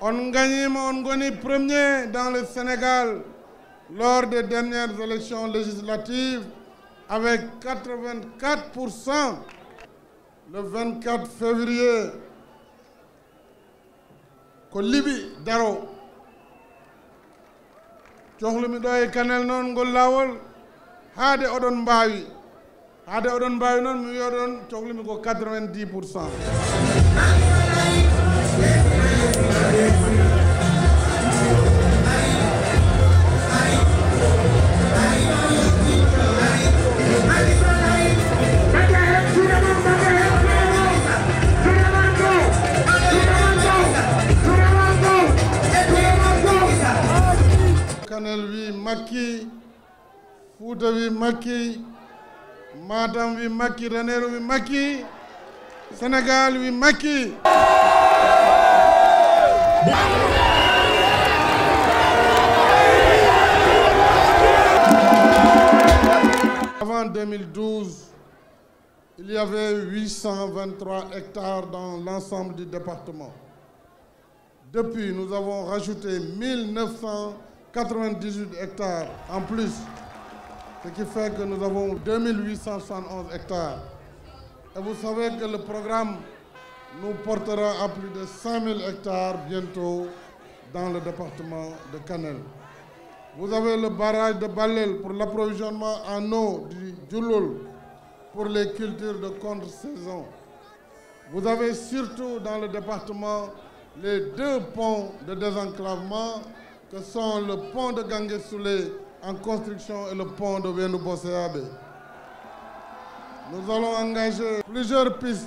on gagnima on goni premier dans le Sénégal lors des dernières élections législatives avec 84 le 24 février ko Libi daro cohlumi ɗo kanel non ngol a haade oɗon mbaawi haade oɗon non noon mi yodon ɗon ko 90 kanel wi makki fuuta wi makki matam wi makki raneeru wi makki sénégal wi makki Avant 2012, il y avait 823 hectares dans l'ensemble du département. Depuis, nous avons rajouté 1998 hectares en plus, ce qui fait que nous avons 2871 hectares. Et vous savez que le programme nous portera à plus de 5000 hectares bientôt dans le département de Canel. Vous avez le barrage de Balel pour l'approvisionnement en eau du Djouloul pour les cultures de contre-saison. Vous avez surtout dans le département les deux ponts de désenclavement que sont le pont de Gangue en construction et le pont de bosse Nous allons engager plusieurs pistes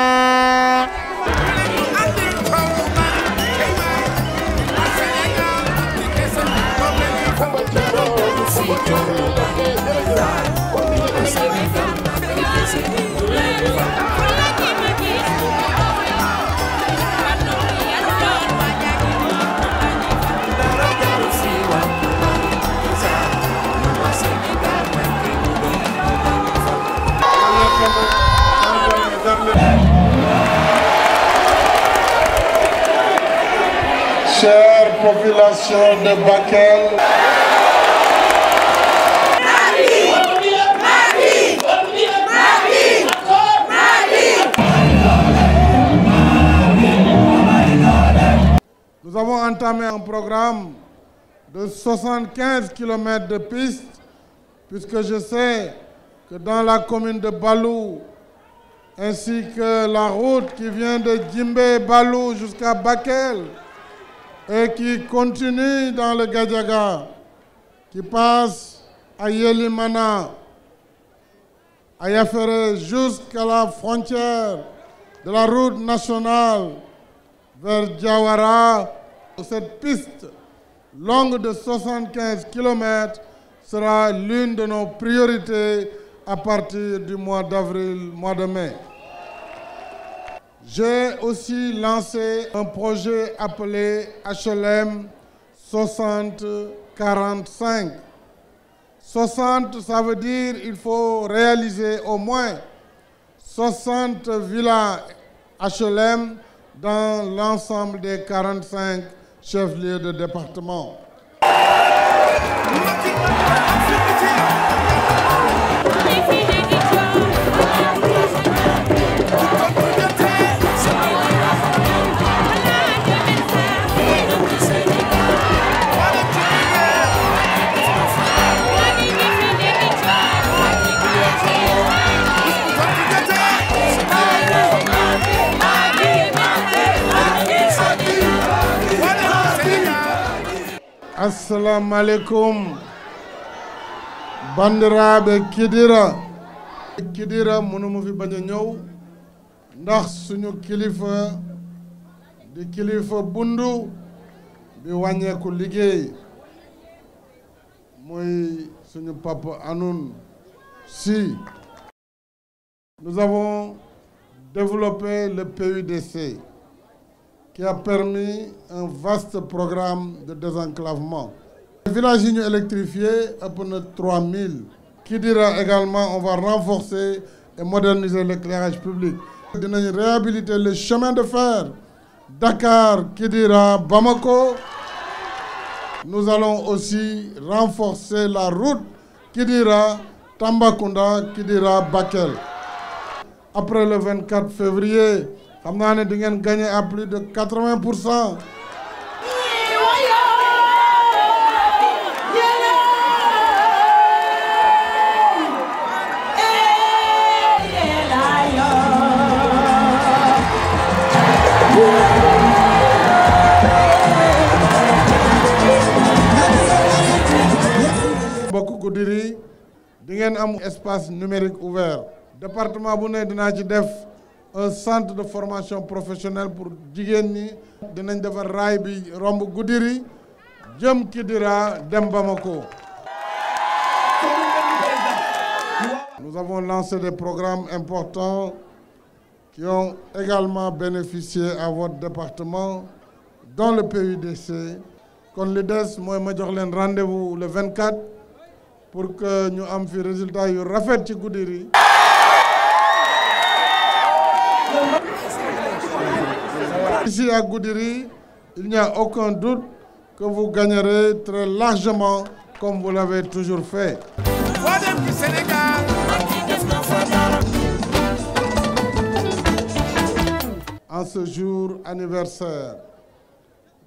population de Bakel. Nous avons entamé un programme de 75 km de piste, puisque je sais que dans la commune de Balou, ainsi que la route qui vient de Djimbe-Balou jusqu'à Bakel, et qui continue dans le Gadjaga, qui passe à Yelimana, à Yafere jusqu'à la frontière de la route nationale vers Djawara. Cette piste longue de 75 km sera l'une de nos priorités à partir du mois d'avril, mois de mai. J'ai aussi lancé un projet appelé HLM 60-45. 60, ça veut dire il faut réaliser au moins 60 villas HLM dans l'ensemble des 45 chefs-lieux de département. assalamu alaikum, bandiraɓe kidira kidira mënuma fi bañ ndax kilifa de kilifa bundu Moi, papa Anoun si, nous avons développé le PUDC qui a permis un vaste programme de désenclavement. Les villages électrifiés, à peu près 3000. Qui dira également on va renforcer et moderniser l'éclairage public. réhabiliter le chemin de fer. Dakar, qui dira Bamako. Nous allons aussi renforcer la route qui dira Tambacounda, qui dira Bakel. Après le 24 février, xam naa ne gagné à plus de 80%. pour cent. espace numérique ouvert département bu de dinaa un centre de formation professionnelle pour jigéen de Nendeva Raibi, raay Goudiri Djem Kidira dem Nous avons lancé des programmes importants qui ont également bénéficié à votre département dans le PUDC Comme le des moi ma jox rendez-vous le 24 pour que nous ayons fi résultat yu rafet ci Goudiri Ici à Goudiri, il n'y a aucun doute que vous gagnerez très largement comme vous l'avez toujours fait. En ce jour anniversaire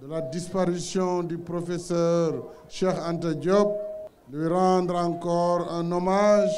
de la disparition du professeur Cheikh Ante Diop, lui rendre encore un hommage.